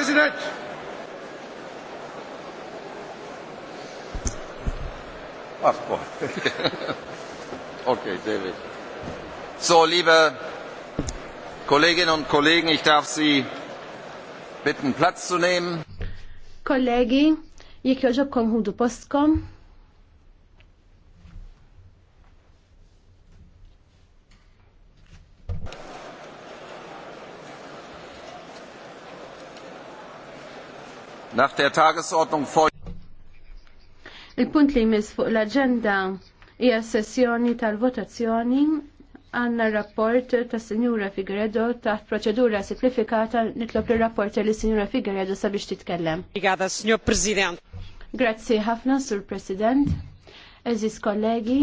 President. Of course. okay, David. So, liebe Kolleginnen und Kollegen, ich darf Sie bitten, Platz zu nehmen. Kollegi, jekk joġobkom ħudu postkom. Nach der Tagesordnung folgt. Il-punt li jmiss fuq l-agenda hija sessjoni tal-votazzjoni għanna rapport ta' Sinjura Figueredo ta' proċedura simplifikata nitlob li rapport li Sinjura Figueredo sabiex titkellem. Grazie, Signor President. Grazzi ħafna, Sur President. Eżis kollegi,